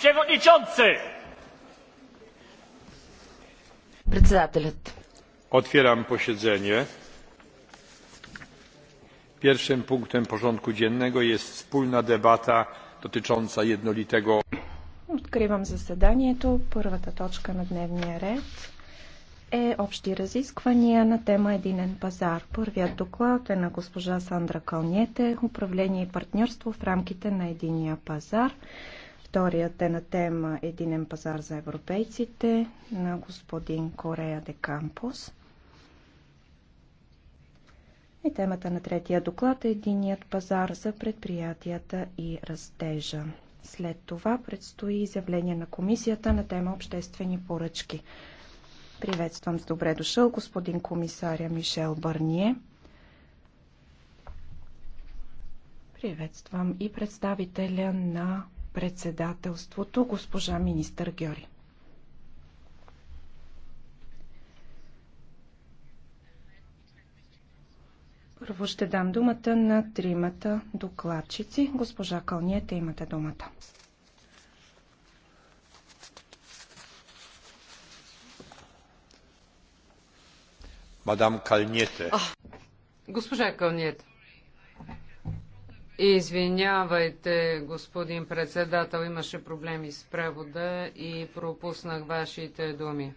przewodniczący! Otwieram posiedzenie. Pierwszym punktem porządku dziennego jest wspólna debata dotycząca jednolitego. Откривам заседанието. Първата точка на дневния ред е общи разисквания на тема Единен пазар. Първият доклад е на госпожа Сандра Кълнете, управление и партньорство в рамките на Единия пазар. Вторият е на тема Единен пазар за европейците на господин Корея де Кампос. И темата на третия доклад е Единият пазар за предприятията и растежа. След това предстои изявление на комисията на тема Обществени поръчки. Приветствам с добре дошъл господин комисаря Мишел Бърние. Приветствам и представителя на председателството госпожа министър Гьори. Първо ще дам думата на тримата докладчици. Госпожа Кълниете, имате думата. Мадам Калниете. госпожа Калниете. Извинявайте, господин председател, имаше проблеми с превода и пропуснах вашите думи.